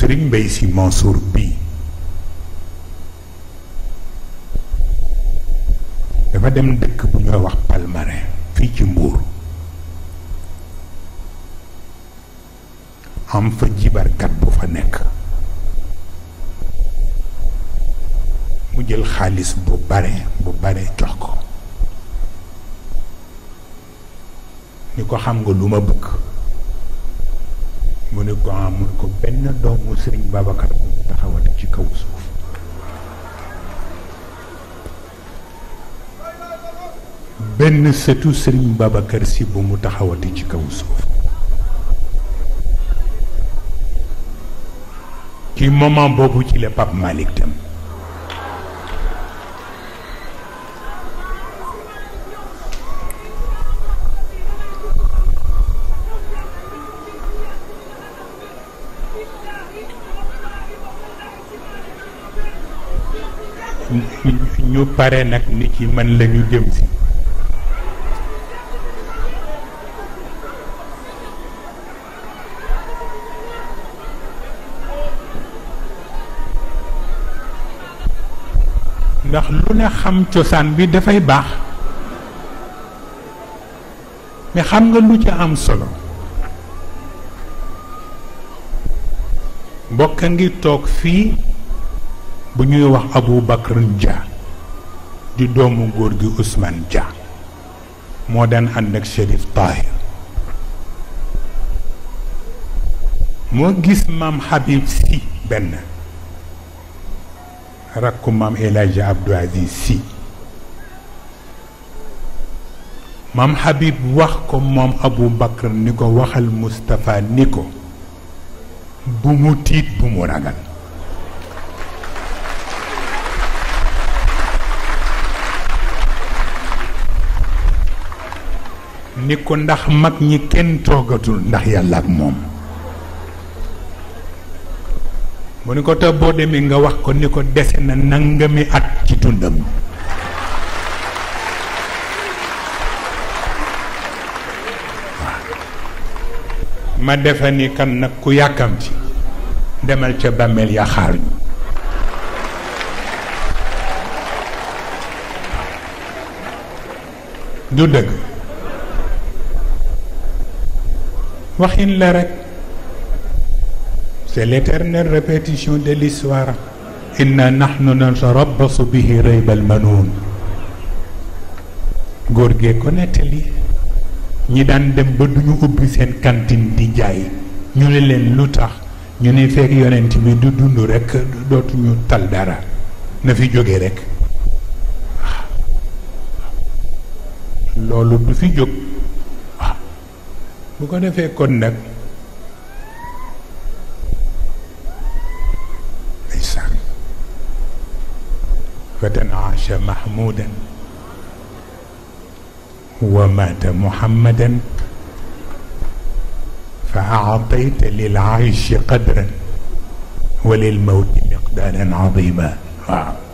Serigne Mbaye Sy Mansour bii dafa dem dëkk bu ñoo wax Palmarin fii ci Mbour am fa jibarkat bu fa nekk mu jël xaalis bu bare bu bare jox ko ni ko xam nga lu ma bëgg mu ne ko amul ah, ko benn doomu sëriñ Babacar ci kaw suuf benn sëtu bu mu taxawati ci kaw suuf ci moment boobu ci la Pape Malick dem ñu pare nag ni ci mën la ñu jëm si ndax lu ne xam cosaan bi dafay baax mais xam nga lu ci am solo mbokk a ngi toog fii bu ñuy wax abu Bakr Dia di doomu góor gi Ousmane Dia moo daan ànd ak Chérif Tahir moo gis maam Habib si benn rakku maam El Hadji Aziz si maam Habib wax ko moom Abou Bakr ni ko waxal Moustapha ni ko bu mu tiit bu mu ragal ni ko ndax mag ñi kenn toogatul ndax yàlla ak moom mu ni ko te boo demee nga wax ko ni ko dese na mi at ci dundam ma defa ni kan nag ku yàkkamti demal ca bàmmeel ya xaar du dëgg waxin la rek c'est l'éternelle répétition de l'histoire inna nahnu natarabbasu bihi raybal manuun góor gee ko nettali ñi daan dem ba duñu ubbi seen kantin di jaay ñu ne leen lu tax ñu ne fekk yonent bi du dund rekk dootuñu tal dara na fi jóge rekk loolu du fi jóg waaw bu ko defee kon nag ndeysaan fatan aasha mahmudan wa maata muhammadan fa aatayta lil aishi qadran wa lil mawti miqdaaran azima waaw